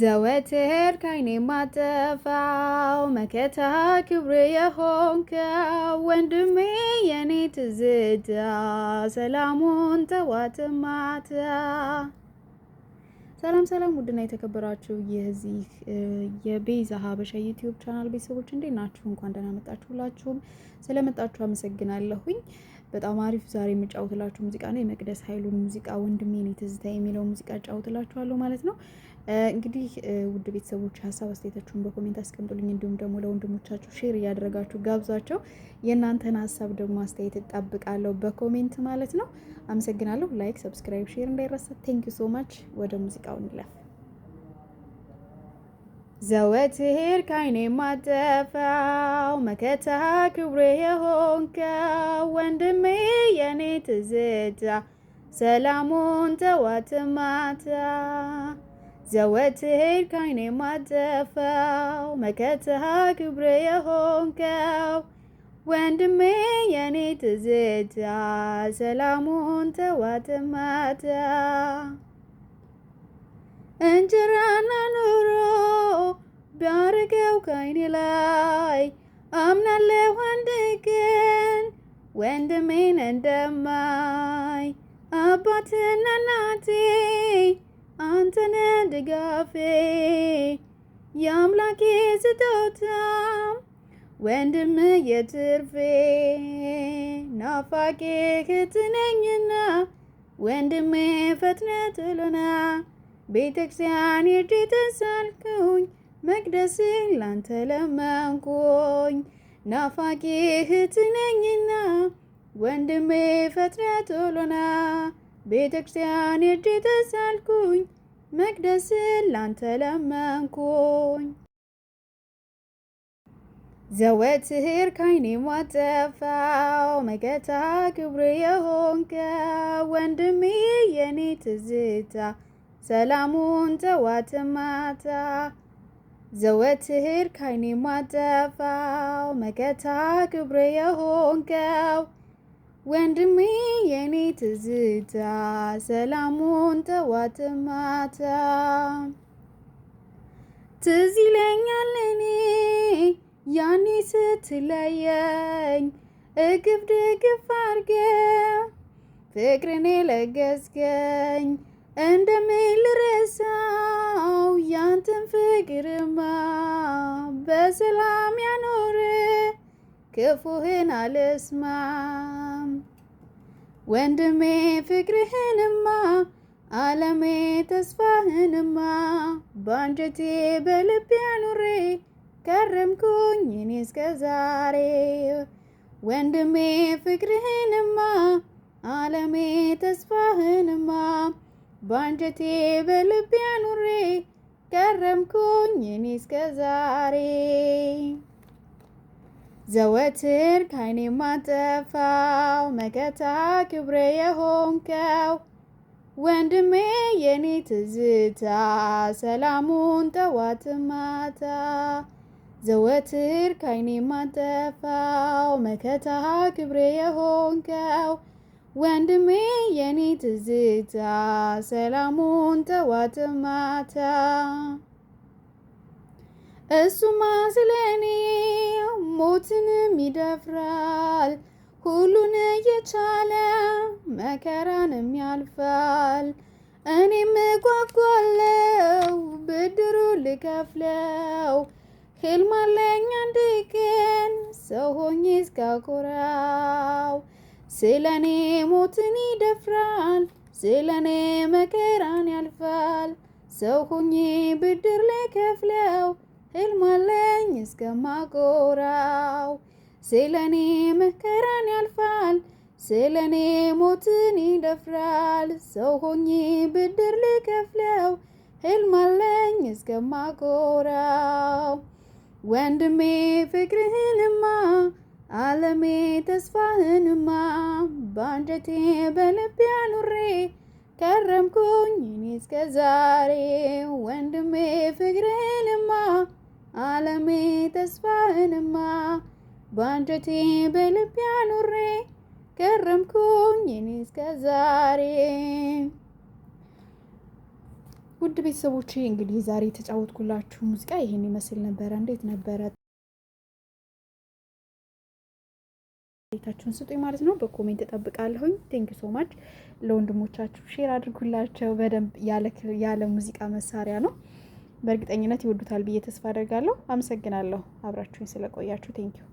ዘወትር ካይኔ ማጠፋው መከታ ክብሬ የሆንከው ወንድሜ የኔ ትዝታ ሰላሙን ጠዋት ማታ። ሰላም ሰላም! ውድና የተከበራችሁ የዚህ የቤዛ ሀበሻ ዩቲዩብ ቻናል ቤተሰቦች እንዴት ናችሁ? እንኳን ደህና መጣችሁላችሁም። ስለመጣችሁ አመሰግናለሁኝ። በጣም አሪፍ ዛሬ የምጫወትላችሁ ሙዚቃ ነው የመቅደስ ኃይሉን ሙዚቃ ወንድሜ የኔ ትዝታ የሚለው ሙዚቃ እጫወትላችኋለሁ ማለት ነው። እንግዲህ ውድ ቤተሰቦች ሀሳብ አስተያየታችሁን በኮሜንት አስቀምጡልኝ። እንዲሁም ደግሞ ለወንድሞቻችሁ ሼር እያደረጋችሁ ጋብዟቸው። የእናንተን ሀሳብ ደግሞ አስተያየት እጠብቃለሁ በኮሜንት ማለት ነው። አመሰግናለሁ። ላይክ፣ ሰብስክራይብ፣ ሼር እንዳይረሳ። ቴንክ ዩ ሶ ማች። ወደ ሙዚቃው እንለፍ። ዘወትር ካይኔ ማጠፋው መከታ ክብሬ የሆንከው ወንድሜ የኔ ትዝታ ሰላሙን ጠዋት ማታ ዘወት ሄድ ካይኔ ማጠፋው መከተሃ ክብሬ የሆንከው ወንድሜ የኔ ትዝታ ሰላሙን ተዋትማታ እንጀራና ኑሮ ቢያርገው ካይኔ ላይ አምናለሁ አንድ ግን ወንድሜን እንደማይ አባትና እናቴ አንተነ ድጋፌ የአምላኬ ስጦታ ወንድም የትርፌ ናፋቄ ክትነኝና ወንድሜ ፈትነ ትሎና ቤተክርስቲያን ሄጄ ተሳልኩኝ መቅደስ ላንተ ለመንኩኝ ናፋቂ እህትህ ነኝና ወንድሜ ፈጥነ ቶሎና ቤተ ክርስቲያን ሄጄ ተሳልኩኝ፣ መቅደስን ላንተ ለመንኩኝ። ዘወትር ካይኔ ማጠፋው መከታ ክብሬ የሆንከው ወንድሜ የኔ ትዝታ ሰላሙን ጠዋት ማታ ዘወትር ካይኔ ማጠፋው መከታ ክብሬ የሆንከው ወንድሜ የኔ ትዝታ ሰላሙን ጠዋት ማታ ትዝ ይለኛል እኔ ያኔ ስትለየኝ እግብ ድግፍ አርገ ፍቅርን ለገስገኝ እንደምን ልረሳው ያንተን ፍቅርማ በሰላም ያኖር ክፉህን አልስማ ወንድሜ ፍቅርህንማ ዓለሜ ተስፋህንማ በአንጀቴ በልቤ አኑሬ ከረምኩኝ እኔ እስከ ዛሬ ወንድሜ ፍቅርህንማ ዓለሜ ተስፋህንማ በአንጀቴ በልቤ አኑሬ ከረምኩኝ እኔ እስከ ዛሬ ዘወትር ካይኔ ማጠፋው መከታ ክብሬ የሆንከው ወንድሜ የኔ ትዝታ ሰላሙን ጠዋት ማታ ዘወትር ካይኔ ማጠፋው መከታ ክብሬ የሆንከው ወንድሜ የኔ ትዝታ ሰላሙን ጠዋት ማታ እሱማ ስለኔ ሞትንም ይደፍራል ሁሉን እየቻለ መከራንም ያልፋል። እኔም ጓጓለው ብድሩ ልከፍለው ህልም አለኝ አንድ ቀን ሰው ሆኜ እስካኮራው። ስለኔ ሞትን ይደፍራል ስለኔ መከራን ያልፋል ሰው ሆኜ ብድር ልከፍለው ህልማለኝ እስከማጎራው ስለኔ መከራን ያልፋል ስለኔ ሞትን ይደፍራል ሰው ሆኜ ብድር ልከፍለው ህልማለኝ እስከማጎራው ወንድሜ ፍቅርህንማ አለሜ ተስፋህንማ ባንጀቴ በልቤ አኑሬ ከረምኩኝ እኔ እስከ ዛሬ ወንድሜ ፍቅርህንማ አለሜ ተስፋህንማ ባንጀቴ በልቤ አኑሬ ገረምኩኝ እኔ እስከ ዛሬ። ውድ ቤተሰቦች እንግዲህ ዛሬ የተጫወትኩላችሁ ሙዚቃ ይሄን ይመስል ነበረ። እንዴት ነበረ? ቤታችሁን ስጡኝ ማለት ነው። በኮሜንት እጠብቃለሁኝ። ቴንክ ሶ ማች። ለወንድሞቻችሁ ሼር አድርጉላቸው። በደንብ ያለ ሙዚቃ መሳሪያ ነው በእርግጠኝነት ይወዱታል ብዬ ተስፋ አደርጋለሁ። አመሰግናለሁ አብራችሁኝ ስለቆያችሁ ቴንኪዩ